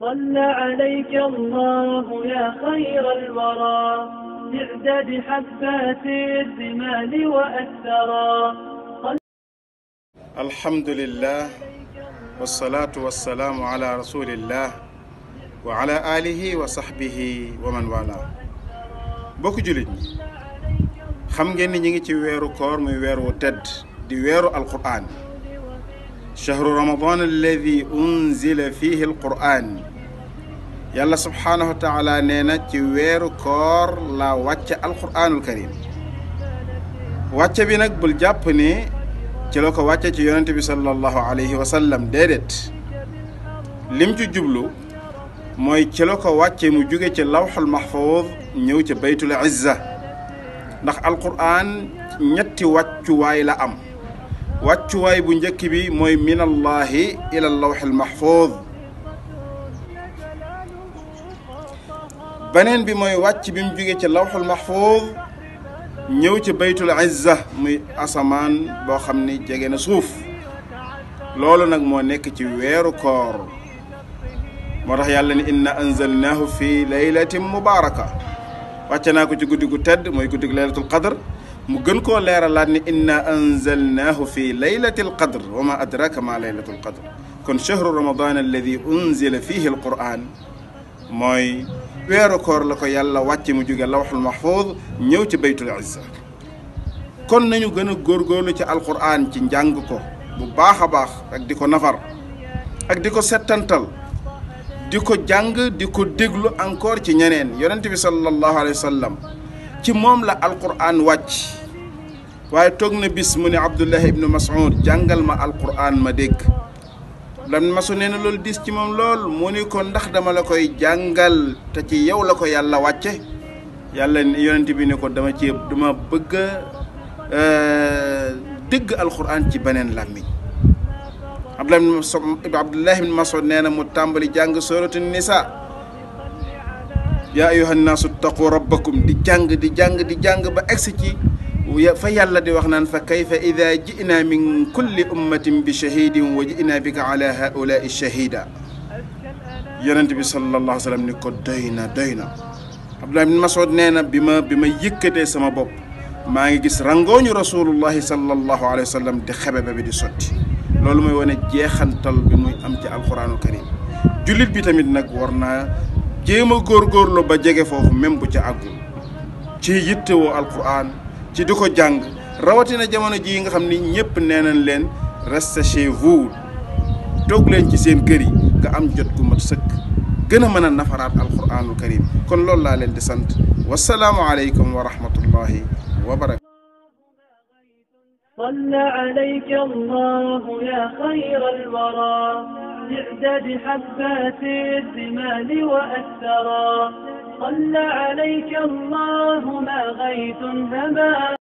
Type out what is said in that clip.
صلى عليك الله يا خير الورى باعداد حبات الرمال وأثرى الحمد لله والصلاة والسلام على رسول الله وعلى آله وصحبه ومن والاه bokk jullit ñi xam ngeen ni ñu ngi ci weeru koor muy weer wu tedd di weeru alquraan chahru ramadan alladi unzila fihi alquran na ci weeru koor la wàcce alquranul karim wàcce bi nag bul jàpp ni ci la ko wàcce ci yonente bi sallallahu alayhi wa sallam déedéet ci jublu mooy ci la ko wàcce mu jóge ci lawxul mahfuuz ñëw ci baytul izza ndax alquran ñetti wàccuwaay la am wàccuwaay bu njëkk bi mooy minallaahi ila lawxil mahfuud beneen bi mooy wàcc bim mu ci ca lawxul mahfuud ñëw ci baytul izza muy asamaan boo xam ni jege na suuf loolu nag moo nekk ci weeru koor moo tax yàlla ni inna anzalnaahu fi laylatin mubaaraka wàcce naa ko ci guddi gu tedd mooy guddi gu laylatul mu gën koo leeralaat ni inna anzalnaahu fi laylati alqadr wa ma adraka ma laylatu alqadr kon chahru ramadan alladi unzila fihi alquran mooy weeru koor la ko yàlla wàcce mu jóge lawxul mahfuz ñëw ci baytul izza kon nañu gën a góorgóorlu ci alquran ci njàng ko bu baax a baax ak di ko nafar ak di ko settantal di ko jàng di ko déglu encore ci ñeneen yonent bi sallallahu alayhi wa sallam ci moom la alquran wàcc waaye toog na bis mu ne Abdullahi ibnu Mas'ud jàngal ma alquran ma dégg lan masu nee na lool dis ci moom lool mu ni ko ndax dama la koy jàngal te ci yow la ko yàlla wàcce yàlla yonent bi ne ko dama ci dama bëgg a euh, dégg alquran ci beneen làmmiñ Abdullahi ibnu Mas'ud nee na mu tàmbali jàng sooratu Nisaa yaa ayyuhan naasu ttaqu rabbakum di jàng di jàng di jàng ba egsi ci fa yàlla di wax naan fa kayfa ida jinaa min kulli ummatin bi shahidin wa jinaa bika ala haulaai shahida yonent bi sallallahu alayhi wa sallam ni ko doy na doy na Abdullah ibn Mas'ud nee na bi ma bi ma yëkkatee sama bopp maa ngi gis rangooñu rasulullahi sallallahu alayhi wa sallam di xebe ba bi di sotti loolu mooy wane jeexantal bi muy am ci alquranul karim jullit bi tamit nag war naa jéem a góorgóorlu ba jege foofu même bu ca àggul ci yittewoo alquran ci di ko jàng rawatina jamono ji nga xam ni ñépp nee nañ leen restez chez vous toog leen ci seen kër yi am jot gu mat sëkk gën a mën a nafaraat alquraanul karim kon loolu laa leen di sant wasalaamu aleykum wa rahmatullahi wa barakatu صل عليك الله يا خير الورى بعدد حبات الرمال وأثرى صلى عليك الله ما غيث هبا